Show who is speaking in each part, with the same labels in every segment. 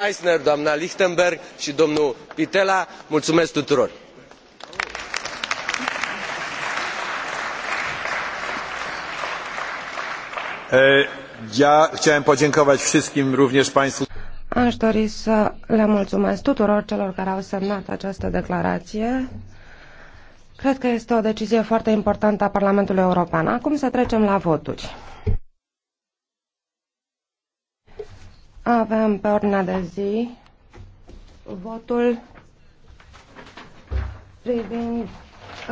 Speaker 1: meissner doamna lichtenberger i domnul pittella mulumesc tuturor. a dori să le mulumesc tuturor celor care au semnat această declaraie. cred că este o decizie foarte importantă a parlamentului european. acum să trecem la voturi. Avem pe ordinea de zi votul privind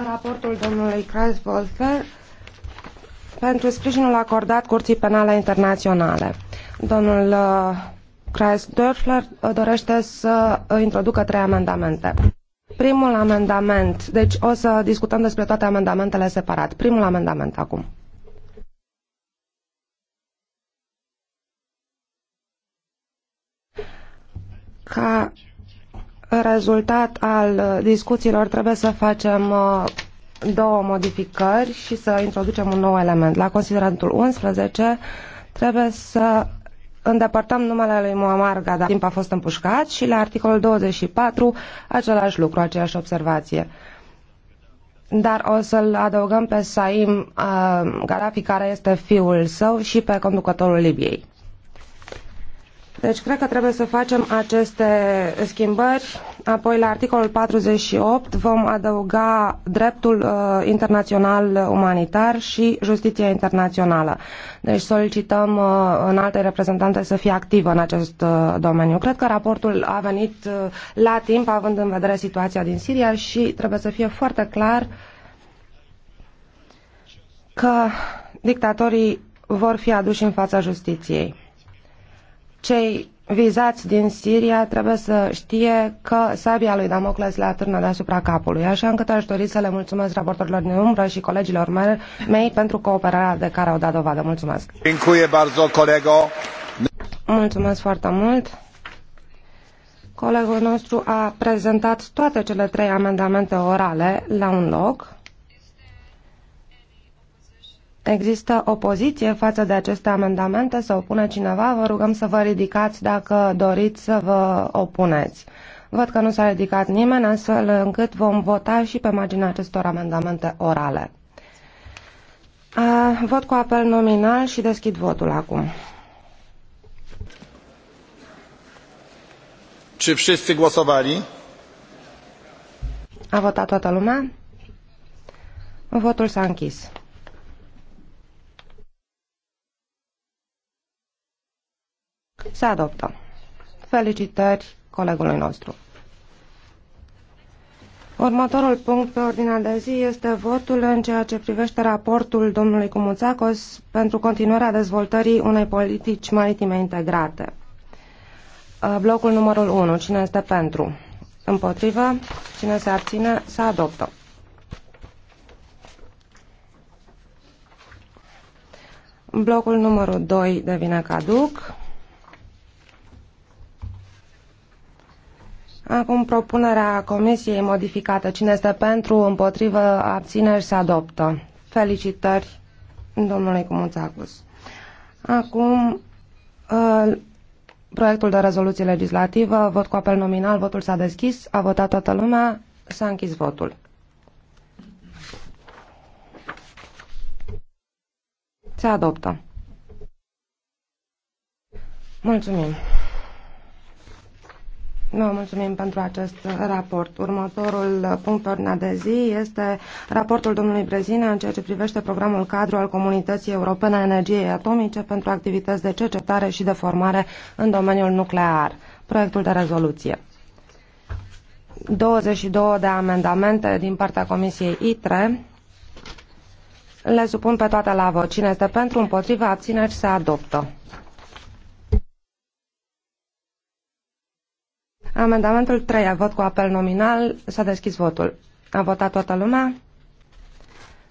Speaker 1: raportul domnului Kreis Wolfer pentru sprijinul acordat Curții Penale Internaționale. Domnul uh, Kreis Dörfler uh, dorește să introducă trei amendamente. Primul amendament, deci o să discutăm despre toate amendamentele separat. Primul amendament acum. ca rezultat al discuțiilor trebuie să facem uh, două modificări și să introducem un nou element. La considerantul 11 trebuie să îndepărtăm numele lui Muammar Gaddafi, timp a fost împușcat și la articolul 24 același lucru, aceeași observație. Dar o să-l adăugăm pe Saim uh, Gaddafi, care este fiul său, și pe conducătorul Libiei. Deci cred că trebuie să facem aceste schimbări. Apoi la articolul 48 vom adăuga dreptul uh, internațional umanitar și justiția internațională. Deci solicităm uh, în alte reprezentante să fie activă în acest uh, domeniu. Cred că raportul a venit uh, la timp având în vedere situația din Siria și trebuie să fie foarte clar că dictatorii vor fi aduși în fața justiției cei vizați din Siria trebuie să știe că sabia lui Damocles le atârnă deasupra capului, așa încât aș dori să le mulțumesc raportorilor din umbră și colegilor mei pentru cooperarea de care au dat dovadă. Mulțumesc! Mulțumesc foarte mult! Colegul nostru a prezentat toate cele trei amendamente orale la un loc. Există opoziție față de aceste amendamente? să opune cineva? Vă rugăm să vă ridicați dacă doriți să vă opuneți. Văd că nu s-a ridicat nimeni, astfel încât vom vota și pe marginea acestor amendamente orale. Văd cu apel nominal și deschid votul acum.
Speaker 2: Czy wszyscy głosowali?
Speaker 1: A votat toată lumea? Votul s-a închis. Se adoptă. Felicitări colegului nostru. Următorul punct pe ordinea de zi este votul în ceea ce privește raportul domnului Cumuțacos pentru continuarea dezvoltării unei politici maritime integrate. Uh, blocul numărul 1. Cine este pentru? Împotrivă? Cine se abține? Se adoptă. Blocul numărul 2 devine caduc. Acum propunerea comisiei modificată. Cine este pentru, împotrivă, abțineri, se adoptă. Felicitări domnului Cumuțacus. Acum, uh, proiectul de rezoluție legislativă, vot cu apel nominal, votul s-a deschis, a votat toată lumea, s-a închis votul. Se adoptă. Mulțumim. Vă mulțumim pentru acest raport. Următorul punct pe ordinea de zi este raportul domnului Brezina în ceea ce privește programul cadru al Comunității Europene a Energiei Atomice pentru activități de cercetare și de formare în domeniul nuclear. Proiectul de rezoluție. 22 de amendamente din partea Comisiei ITRE. Le supun pe toate la vot. Cine este pentru, împotriva, abțineri, se adoptă. Amendamentul 3, vot cu apel nominal, s-a deschis votul. A votat toată lumea?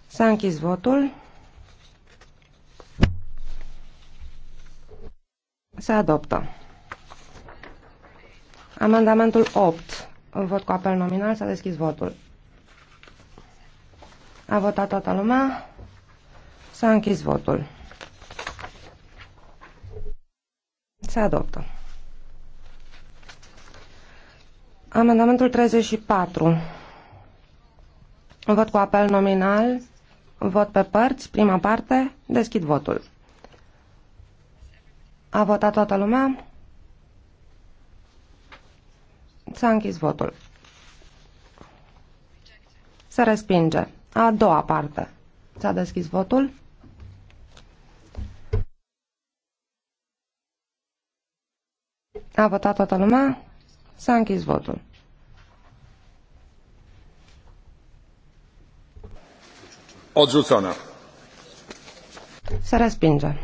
Speaker 1: S-a închis votul. Se adoptă. Amendamentul 8, vot cu apel nominal, s-a deschis votul. A votat toată lumea? S-a închis votul. Se adoptă. Amendamentul 34. Vot cu apel nominal, vot pe părți, prima parte, deschid votul. A votat toată lumea? S-a închis votul. Se respinge. A doua parte. S-a deschis votul. A votat toată lumea? S-a închis votul. Odrzucona. Se respinge.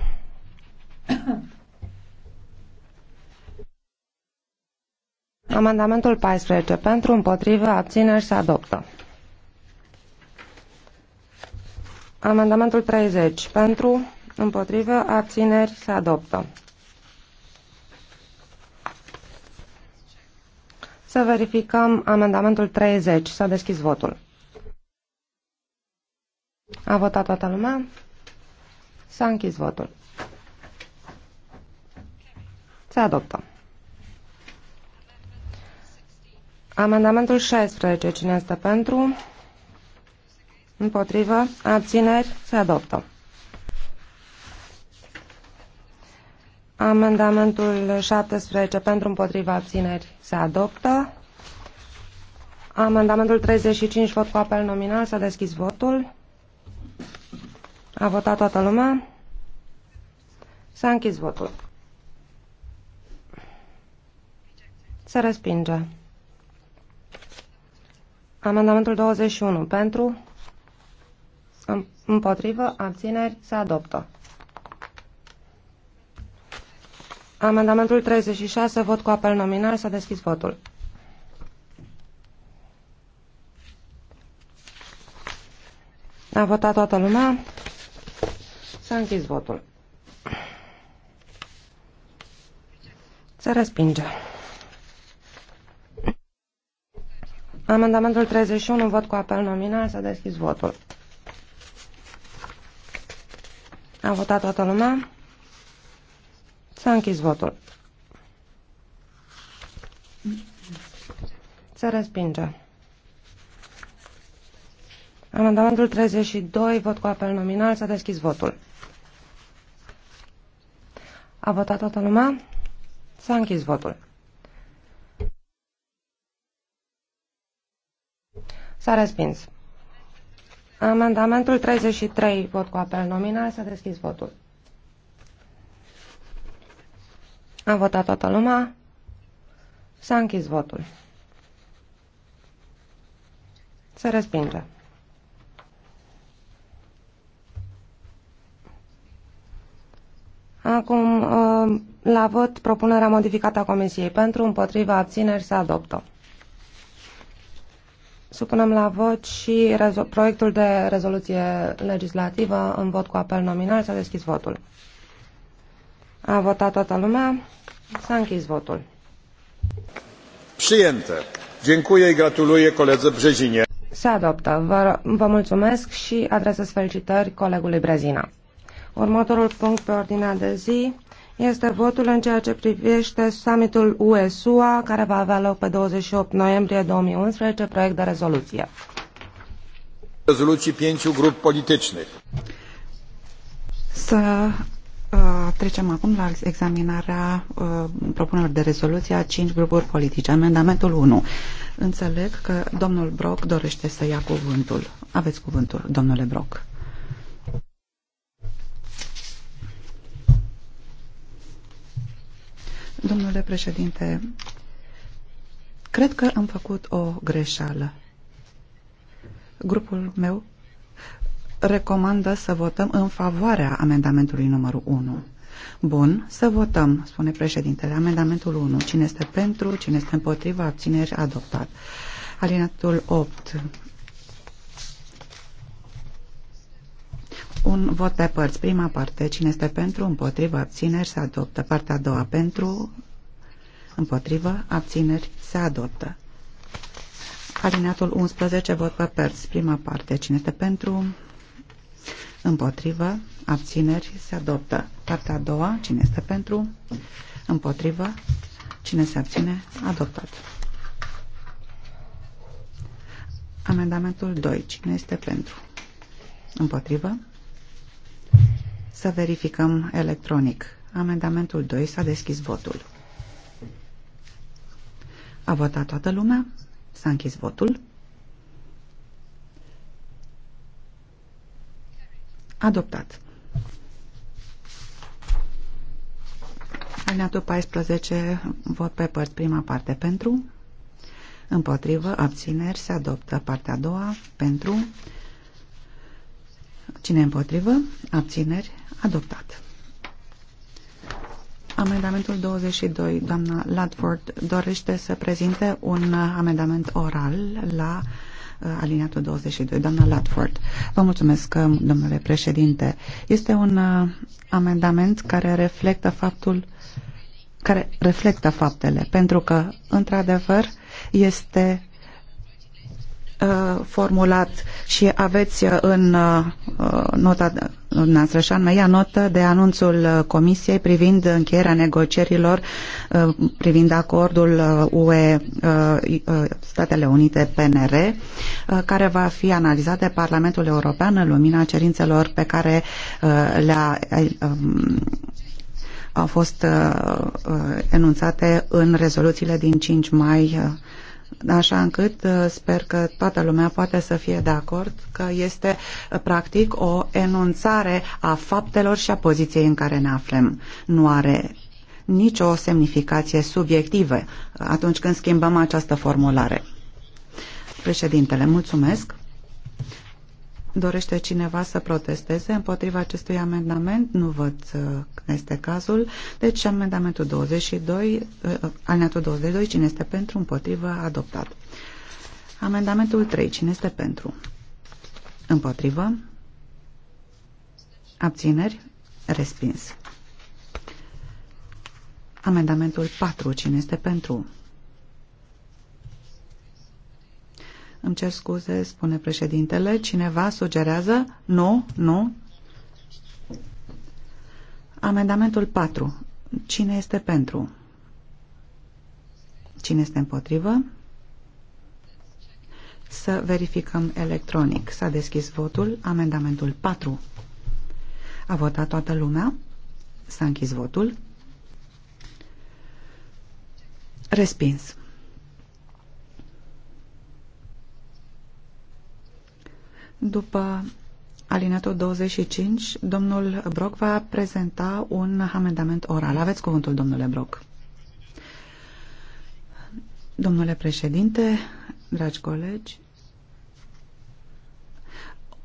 Speaker 1: Amendamentul 14. Pentru, împotrivă, abțineri, se adoptă. Amendamentul 30. Pentru, împotrivă, abțineri, se adoptă. Să verificăm amendamentul 30. S-a deschis votul. A votat toată lumea? S-a închis votul. Se adoptă. Amendamentul 16. Cine este pentru? Împotrivă? Abțineri? Se adoptă. Amendamentul 17 pentru împotriva abțineri se adoptă. Amendamentul 35, vot cu apel nominal, s-a deschis votul. A votat toată lumea. S-a închis votul. Se respinge. Amendamentul 21 pentru, împotrivă, abțineri, se adoptă. Amendamentul 36, vot cu apel nominal, s-a deschis votul. A votat toată lumea. S-a închis votul. Se respinge. Amendamentul 31, vot cu apel nominal, s-a deschis votul. A votat toată lumea. S-a închis votul. Se respinge. Amendamentul 32, vot cu apel nominal, s-a deschis votul. A votat toată lumea? S-a închis votul. S-a respins. Amendamentul 33, vot cu apel nominal, s-a deschis votul. A votat toată lumea. S-a închis votul. Se respinge. Acum, uh, la vot, propunerea modificată a Comisiei pentru, împotriva, abțineri, se adoptă. Supunem la vot și proiectul de rezoluție legislativă în vot cu apel nominal. S-a deschis votul. A votat toată lumea. S-a închis votul.
Speaker 3: Priente. Dziękuję i gratuluję koledze Brzezinie.
Speaker 1: Se adoptă. Vă, vă mulțumesc și adresez felicitări colegului Brezina. Următorul punct pe ordinea de zi este votul în ceea ce privește summitul UE-SUA, care va avea loc pe 28 noiembrie 2011, proiect de rezoluție.
Speaker 2: Rezoluții 5 grup politice.
Speaker 3: Să Trecem acum la examinarea uh, propunerilor de rezoluție a cinci grupuri politice. Amendamentul 1. Înțeleg că domnul Brock dorește să ia cuvântul. Aveți cuvântul, domnule Brock. Domnule președinte, cred că am făcut o greșeală. Grupul meu recomandă să votăm în favoarea amendamentului numărul 1. Bun, să votăm, spune președintele. Amendamentul 1. Cine este pentru, cine este împotriva, abțineri, adoptat. Alinatul 8. Un vot pe părți. Prima parte. Cine este pentru, împotriva, abțineri, se adoptă. Partea a doua. Pentru, împotriva, abțineri, se adoptă. Alineatul 11, vot pe părți. Prima parte. Cine este pentru, Împotrivă. Abțineri. Se adoptă. Partea a doua. Cine este pentru? Împotrivă. Cine se abține? Adoptat. Amendamentul 2. Cine este pentru? Împotrivă. Să verificăm electronic. Amendamentul 2. S-a deschis votul. A votat toată lumea? S-a închis votul. Adoptat. Alineatul 14, vot pe părți, prima parte pentru, împotrivă, abțineri, se adoptă partea a doua, pentru, cine împotrivă, abțineri, adoptat. Amendamentul 22, doamna Ladford dorește să prezinte un amendament oral la Uh, aliniatul 22. Doamna Latford, vă mulțumesc, uh, domnule președinte. Este un uh, amendament care reflectă faptul care reflectă faptele, pentru că, într-adevăr, este formulat și aveți în nota noastră și anume ia notă de anunțul uh, Comisiei privind încheierea negocierilor uh, privind acordul UE uh, Statele Unite PNR care va fi analizat de Parlamentul European în lumina cerințelor pe care le-a um, au fost enunțate în rezoluțiile din 5 mai așa încât uh, sper că toată lumea poate să fie de acord că este uh, practic o enunțare a faptelor și a poziției în care ne aflăm. Nu are nicio semnificație subiectivă atunci când schimbăm această formulare. Președintele, mulțumesc. Dorește cineva să protesteze împotriva acestui amendament? Nu văd că uh, este cazul. Deci amendamentul 22, uh, uh, alineatul 22, cine este pentru, împotrivă, adoptat. Amendamentul 3, cine este pentru? Împotrivă? Abțineri? Respins. Amendamentul 4, cine este pentru? Îmi cer scuze, spune președintele. Cineva sugerează? Nu, nu. Amendamentul 4. Cine este pentru? Cine este împotrivă? Să verificăm electronic. S-a deschis votul. Amendamentul 4. A votat toată lumea. S-a închis votul. Respins. După alineatul 25, domnul Brock va prezenta un amendament oral. Aveți cuvântul, domnule Brock. Domnule președinte, dragi colegi,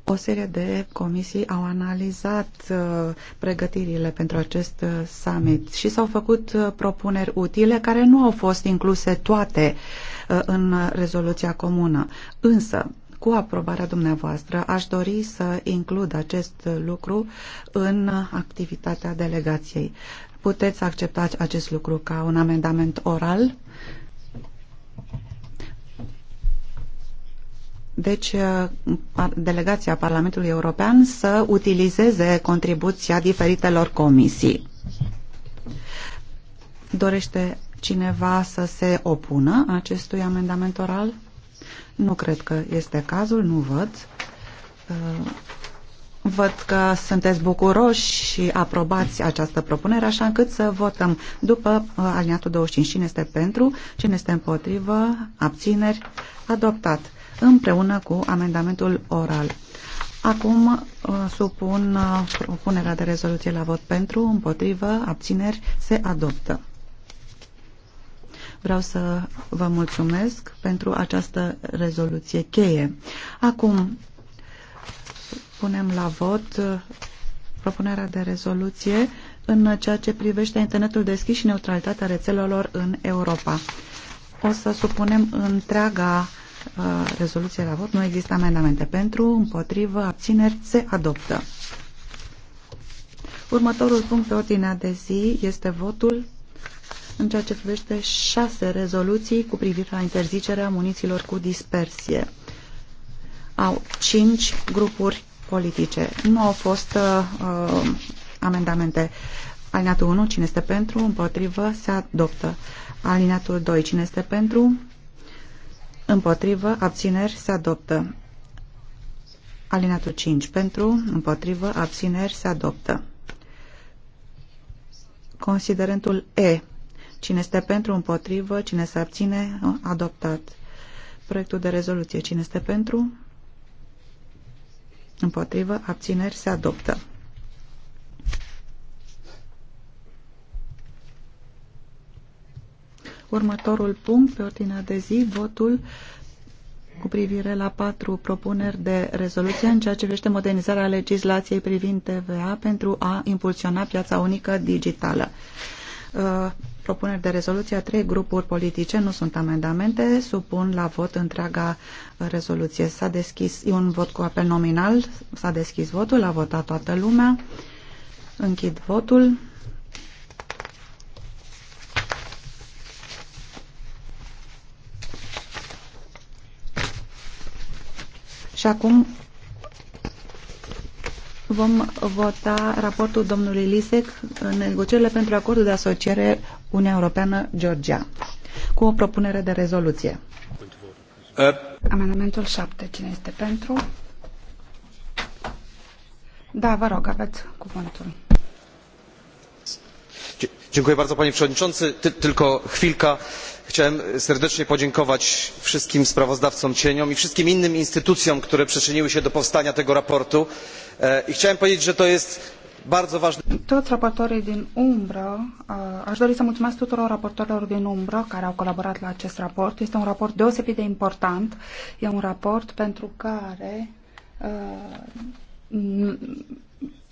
Speaker 3: o serie de comisii au analizat uh, pregătirile pentru acest uh, summit și s-au făcut uh, propuneri utile care nu au fost incluse toate uh, în uh, rezoluția comună. Însă, cu aprobarea dumneavoastră, aș dori să includ acest lucru în activitatea delegației. Puteți accepta acest lucru ca un amendament oral? Deci, delegația Parlamentului European să utilizeze contribuția diferitelor comisii. Dorește cineva să se opună acestui amendament oral? Nu cred că este cazul, nu văd. Uh, văd că sunteți bucuroși și aprobați această propunere, așa încât să votăm după uh, aliniatul 25. Cine este pentru, cine este împotrivă, abțineri, adoptat, împreună cu amendamentul oral. Acum uh, supun propunerea de rezoluție la vot pentru, împotrivă, abțineri, se adoptă. Vreau să vă mulțumesc pentru această rezoluție cheie. Acum punem la vot uh, propunerea de rezoluție în ceea ce privește internetul deschis și neutralitatea rețelelor în Europa. O să supunem întreaga uh, rezoluție la vot. Nu există amendamente pentru, împotrivă, abțineri, se adoptă. Următorul punct pe ordinea de zi este votul în ceea ce privește șase rezoluții cu privire la interzicerea muniților cu dispersie. Au cinci grupuri politice. Nu au fost uh, uh amendamente. Alineatul 1, cine este pentru, împotrivă, se adoptă. Alineatul 2, cine este pentru, împotrivă, abțineri, se adoptă. Alineatul 5, pentru, împotrivă, abțineri, se adoptă. Considerentul E, Cine este pentru, împotrivă, cine se abține, adoptat. Proiectul de rezoluție. Cine este pentru? Împotrivă, abțineri, se adoptă. Următorul punct pe ordinea de zi, votul cu privire la patru propuneri de rezoluție în ceea ce privește modernizarea legislației privind TVA pentru a impulsiona piața unică digitală. Uh, propuneri de rezoluție a trei grupuri politice, nu sunt amendamente, supun la vot întreaga rezoluție. S-a deschis, e un vot cu apel nominal, s-a deschis votul, a votat toată lumea, închid votul. Și acum vom vota raportul domnului Lisec în negocierile pentru acordul de asociere Uniunea Europeană-Georgia cu o propunere de rezoluție. Uh. Amendamentul 7. Cine este pentru?
Speaker 2: Da, vă rog, aveți cuvântul
Speaker 1: panie przewodniczący! tylko chwilka. chciałem serdecznie podziękować wszystkim sprawozdawcom cieniom i wszystkim innym instytucjom które przyczyniły się do powstania tego sprawozdania i chciałem powiedzieć że to jest bardzo ważny.
Speaker 2: Toți raportorii din umbră, aș dori să mulțumesc tuturor raportorilor din umbră care au colaborat la acest raport. Este un raport deosebit de important. E un raport pentru care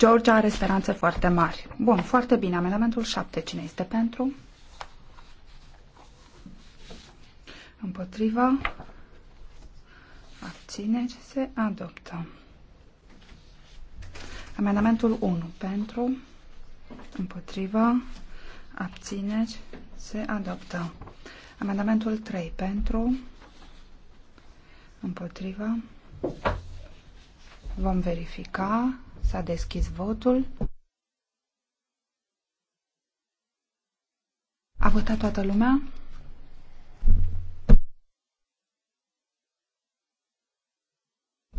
Speaker 2: George are speranțe foarte mari. Bun, foarte bine. Amendamentul 7. Cine este pentru? Împotriva. Abține. Se adoptă. Amendamentul 1. Pentru. Împotriva. Abțineri. Se adoptă. Amendamentul 3. Pentru. Împotriva. Vom verifica. S-a deschis votul. A votat toată lumea?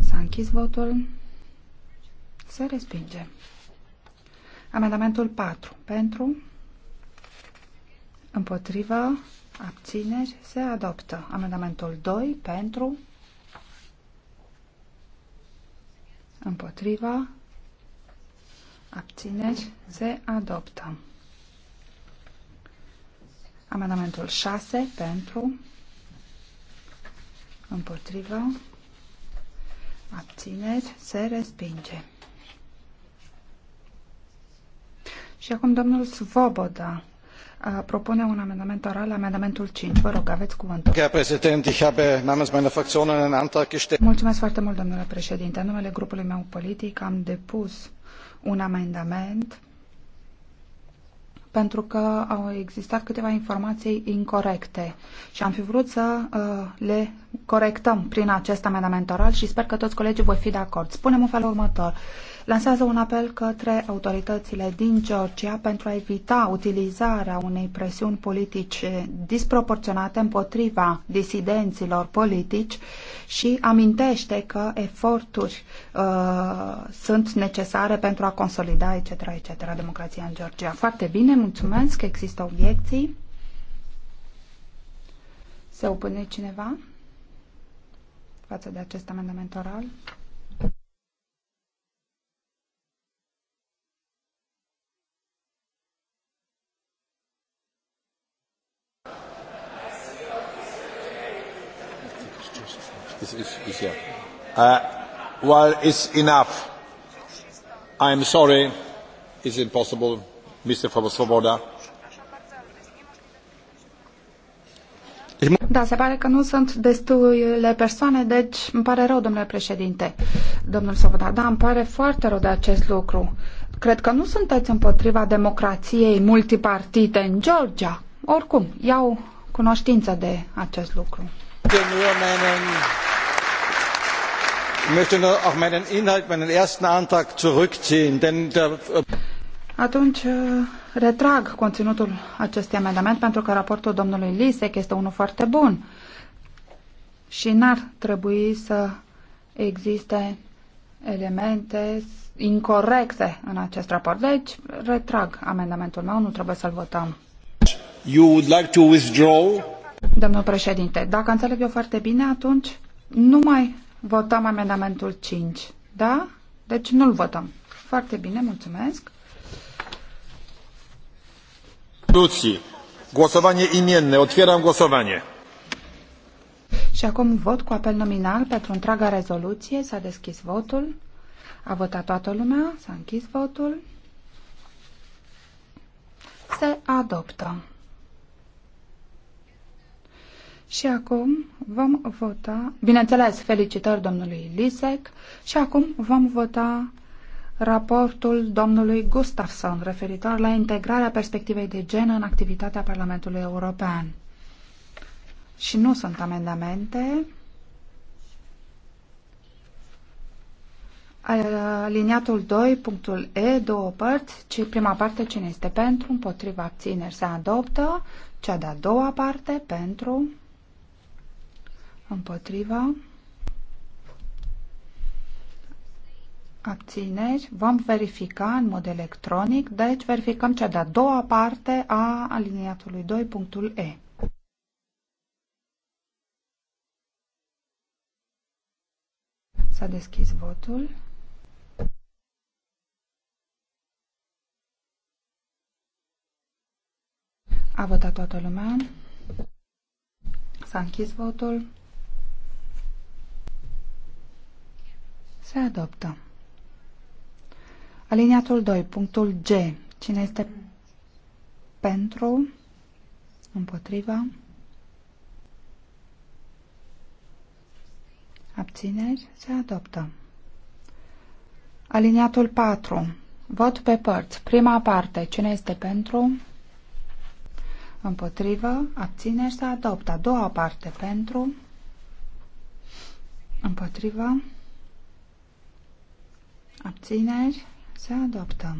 Speaker 2: S-a închis votul. Se respinge. Amendamentul 4. Pentru. Împotrivă. Abțineri. Se adoptă. Amendamentul 2. Pentru. Împotriva abțineri, se adoptă. Amendamentul 6 pentru, împotrivă, abțineri, se respinge. Și acum domnul Svoboda uh, propune un amendament oral, amendamentul 5. Vă rog, aveți cuvântul. Mulțumesc foarte mult, domnule președinte. În numele grupului meu politic am depus un amendament pentru că au existat câteva informații incorrecte și am fi vrut să uh, le corectăm prin acest amendament oral și sper că toți colegii vor fi de acord. Spunem în felul următor. Uh, lansează un apel către autoritățile din Georgia pentru a evita utilizarea unei presiuni politice disproporționate împotriva disidenților politici și amintește că eforturi uh, sunt necesare pentru a consolida etc. etc. democrația în Georgia. Foarte bine, mulțumesc că există obiecții. Se opune cineva față de acest amendament oral?
Speaker 3: is Uh, well, it's enough. I'm sorry. It's impossible.
Speaker 2: Mr. Svoboda. Da, se pare că nu sunt destule persoane, deci îmi pare rău, domnule președinte. Domnul Sovoda, da, îmi pare foarte rău de acest lucru. Cred că nu sunteți împotriva democrației multipartite în Georgia. Oricum, iau cunoștință de acest lucru.
Speaker 3: Ich möchte nur
Speaker 1: auch meinen Inhalt, meinen ersten Antrag zurückziehen, denn der... Äh,
Speaker 2: atunci äh, retrag conținutul acestui amendament pentru că raportul domnului Lisek este unul foarte bun și n-ar trebui să existe elemente incorrecte în acest raport. Deci retrag amendamentul meu, nu trebuie să-l votăm.
Speaker 3: You would like to withdraw?
Speaker 2: Domnul președinte, dacă înțeleg eu foarte bine, atunci nu mai Votăm amendamentul 5. Da? Deci nu-l votăm. Foarte bine, mulțumesc.
Speaker 3: Rezoluții. Głosowanie imienne. Otwieram głosowanie.
Speaker 2: Și acum vot cu apel nominal pentru întreaga rezoluție. S-a deschis votul. A votat toată lumea. S-a închis votul. Se adoptă. Și acum vom vota, bineînțeles, felicitări domnului Lisek și acum vom vota raportul domnului Gustafsson referitor la integrarea perspectivei de gen în activitatea Parlamentului European. Și nu sunt amendamente. Aliniatul 2, punctul E, două părți, ci prima parte cine este pentru, împotriva abțineri se adoptă, cea de-a doua parte pentru, împotriva, abțineri. Vom verifica în mod electronic, deci verificăm cea de-a doua parte a aliniatului 2, punctul E. S-a deschis votul. A votat toată lumea. S-a închis votul. Se adoptă. Aliniatul 2, punctul G. Cine este pentru? Împotriva? Abțineri? Se adoptă. Aliniatul 4. Vot pe părți. Prima parte. Cine este pentru? Împotrivă. Abțineri? Se adoptă. A doua parte. Pentru? Împotrivă. Abțineri. Se adoptă.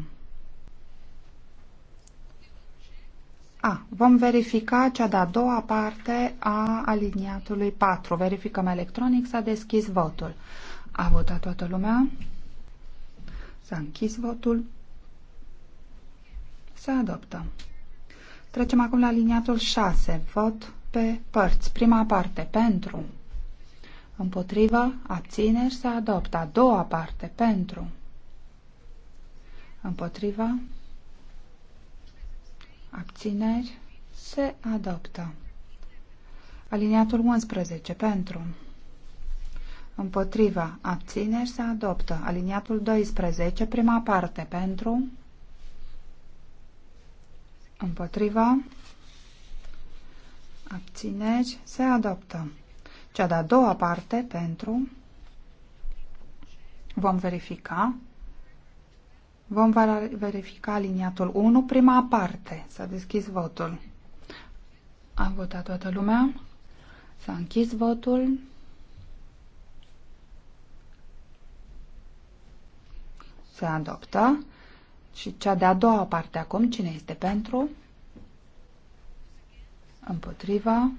Speaker 2: A, vom verifica cea de-a doua parte a aliniatului 4. Verificăm electronic, s-a deschis votul. A votat toată lumea. S-a închis votul. Se adoptă. Trecem acum la aliniatul 6. Vot pe părți. Prima parte. Pentru. Împotriva, abțineri, se adoptă. A doua parte, pentru. Împotriva, abțineri, se adoptă. Aliniatul 11, pentru. Împotriva, abțineri, se adoptă. Aliniatul 12, prima parte, pentru. Împotriva, abțineri, se adoptă. Cea de-a doua parte pentru vom verifica vom verifica aliniatul 1, prima parte. S-a deschis votul. A votat toată lumea. S-a închis votul. Se adoptă. Și cea de-a doua parte acum, cine este pentru? Împotriva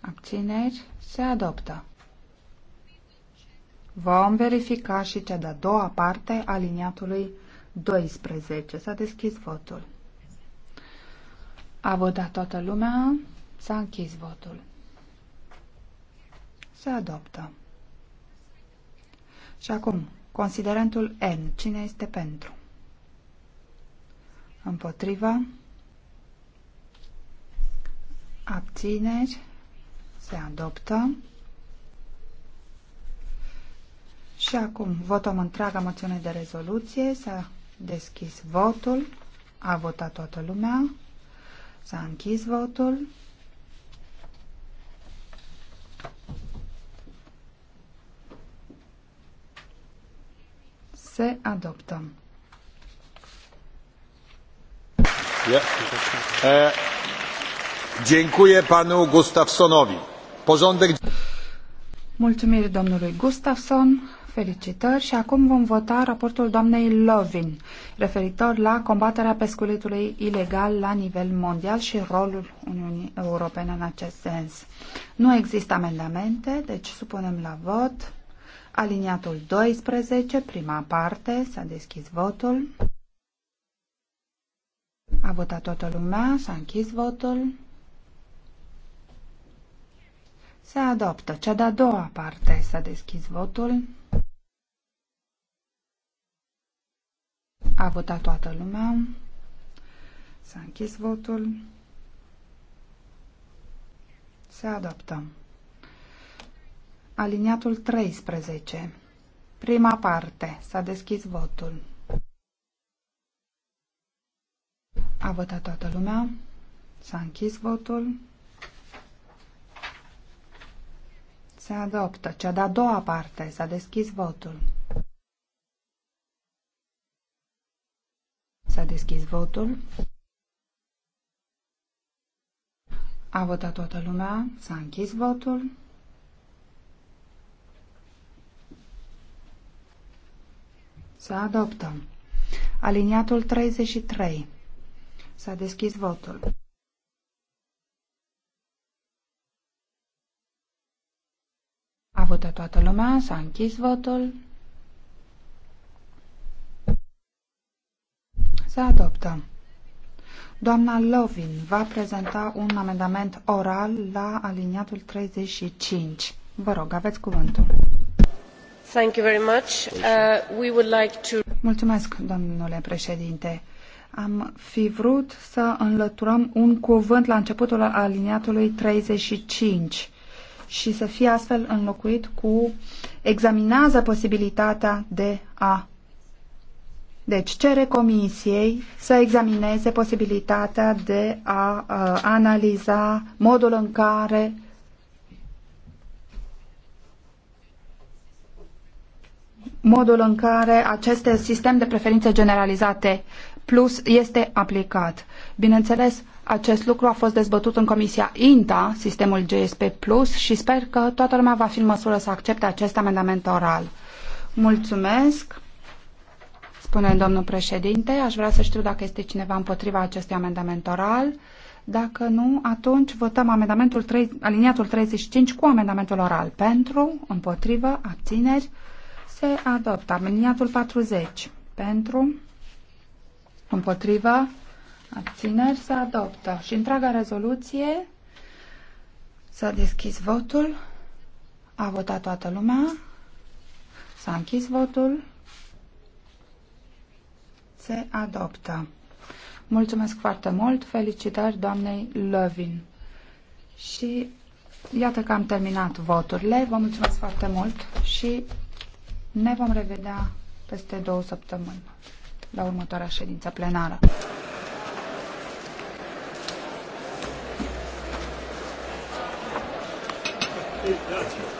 Speaker 2: abțineri, se adoptă. Vom verifica și cea de-a doua parte a liniatului 12. S-a deschis votul. A votat toată lumea, s-a închis votul. Se adoptă. Și acum, considerentul N. Cine este pentru? Împotriva? Abțineri? se adoptă. Și acum votăm întreaga moțiune de rezoluție. S-a deschis votul. A votat toată lumea. S-a închis votul. Se adoptă.
Speaker 3: Yeah. Uh, dziękuję panu Gustafsonowi.
Speaker 2: Mulțumiri domnului Gustafsson, felicitări și acum vom vota raportul doamnei Lovin referitor la combaterea pescuitului ilegal la nivel mondial și rolul Uniunii Europene în acest sens. Nu există amendamente, deci supunem la vot. Aliniatul 12, prima parte, s-a deschis votul. A votat toată lumea, s-a închis votul. Se adoptă. Cea de-a doua parte. S-a deschis votul. A votat toată lumea. S-a închis votul. Se adoptă. Aliniatul 13. Prima parte. S-a deschis votul. A votat toată lumea. S-a închis votul. Se adoptă. Cea de-a doua parte. S-a deschis votul. S-a deschis votul. A votat toată lumea. S-a închis votul. Să adoptăm. Aliniatul 33. S-a deschis votul. votat toată lumea, s-a închis votul. Se adoptă. Doamna Lovin va prezenta un amendament oral la aliniatul 35. Vă rog, aveți cuvântul. Thank you very much. Uh, we would like to... Mulțumesc, domnule președinte. Am fi vrut să înlăturăm un cuvânt la începutul aliniatului 35 și să fie astfel înlocuit cu examinează posibilitatea de a. Deci cere comisiei să examineze posibilitatea de a, a uh, analiza modul în care modul în care acest sistem de preferințe generalizate plus este aplicat. Bineînțeles, acest lucru a fost dezbătut în Comisia INTA, sistemul GSP Plus, și sper că toată lumea va fi în măsură să accepte acest amendament oral. Mulțumesc, spune domnul președinte. Aș vrea să știu dacă este cineva împotriva acestui amendament oral. Dacă nu, atunci votăm amendamentul 3, aliniatul 35 cu amendamentul oral. Pentru, împotrivă, abțineri, se adoptă. Aliniatul 40. Pentru, împotrivă, abțineri, se adoptă. Și întreaga rezoluție s-a deschis votul, a votat toată lumea, s-a închis votul, se adoptă. Mulțumesc foarte mult, felicitări doamnei Lovin. Și iată că am terminat voturile, vă mulțumesc foarte mult și ne vom revedea peste două săptămâni la următoarea ședință plenară.
Speaker 3: Thank you.